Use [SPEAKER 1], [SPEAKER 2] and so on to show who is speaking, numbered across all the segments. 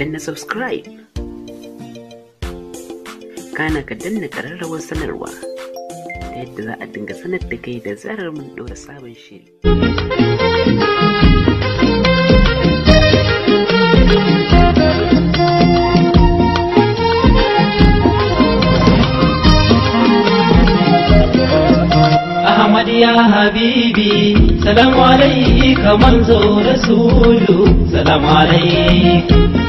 [SPEAKER 1] danna subscribe kana ka danna kararrawar sanarwa ta yadda za a dinga sanar da kai da zarar mun ɗora sabon shiri
[SPEAKER 2] Ahmad ya habibi سلام alaikum منظور رسول سلام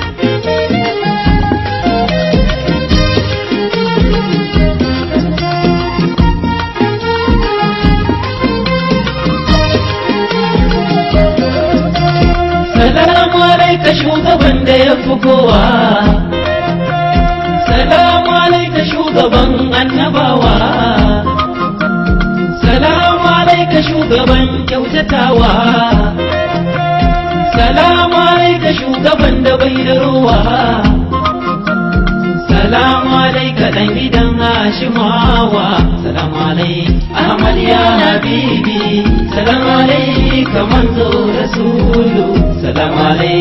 [SPEAKER 2] alaika shugaban da ya fi kowa salamu alaika shugaban annabawa salamu alaika shugaban kyautatawa salamu alaika shugaban da bai da ruwa salamu alaika dan gidan hashimawa salamu alaika ahmad ya habibi salamu alaika manzo rasulu tamale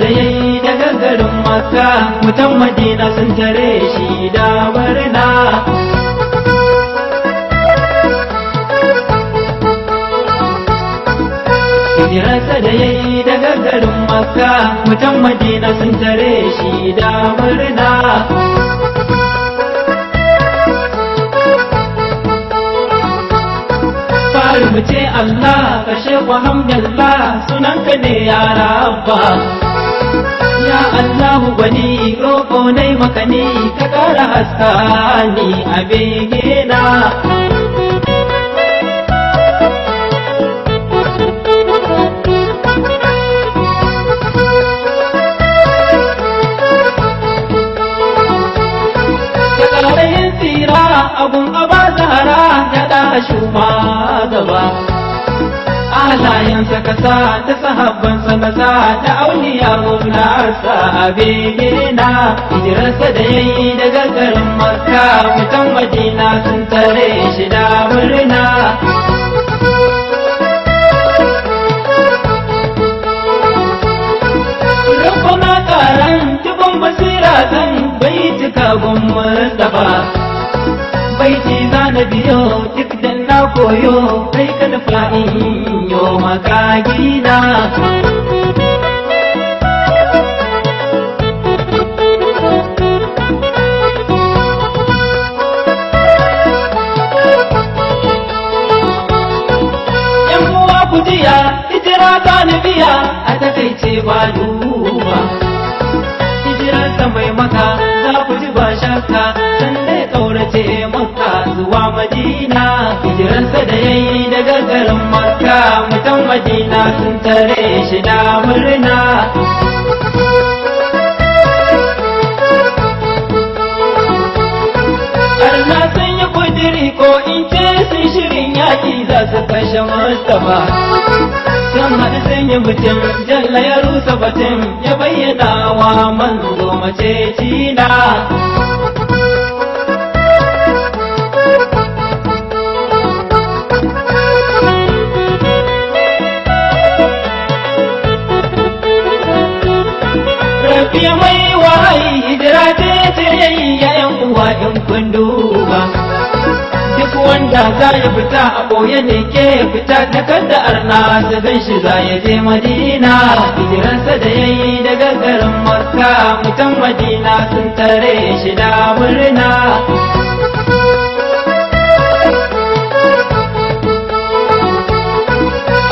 [SPEAKER 2] da yayi da gagarin maka, mutan madina sun tare shi da da ya yi daga garin makka mutan madina sun tare shi da murna mu ce Allah kashe Muhammadullah sunanka ne ya rabba ya Allah gwani roƙo nai maka ka ƙara haska ni a bege shuma gaba alayansa ka sa ta sahabban ka sa ta auliya maularsa a begina hijirarsa da yayi daga garin makka mutan madina sun tare shida koyo kai ka nufa in yo maka gida jiya hijira ta biya a takaice ba duba hijirar ta mai maka za ku ji ba shakka can dai kaurace zuwa madina dai daga garin maka, mutan madina sun tare shi da murna arna sun yi kudiri ko in ce sun shirin yaƙi za su kashe mustapha sun haɗu sanya yi mutum jalla ya rusa batun ya bayyana wa manzo mace cina ce mai wahai hijira ce ce ya yan uwa in kwando ba, duk wanda za ya fita a ɓoye ne ke fita ta kan da arna gan shi za ya je madina hijiransa da ya yi daga garin makka mutan madina sun tare shi da murna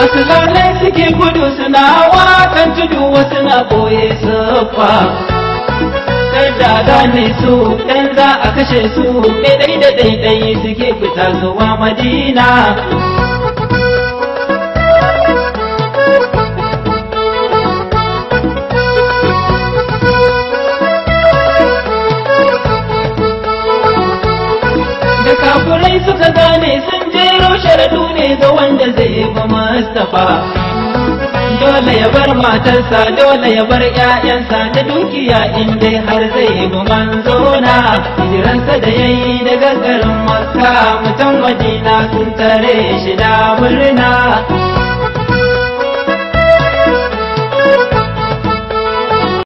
[SPEAKER 2] Assalamu suke gudu suna wakan tudu wasu na boye siffa Dan da gane su dan za a kashe su daidai da daidai suke fita zuwa madina da kafurai suka gane sun yaushe sharadu ne ga wanda zai ba Mustapha. dole ya bar matarsa dole ya bar ƴaƴansa da dukiya in dai har zai bi manzo na hijiransa da yayi daga garin makka mutan madina sun tare shi da murna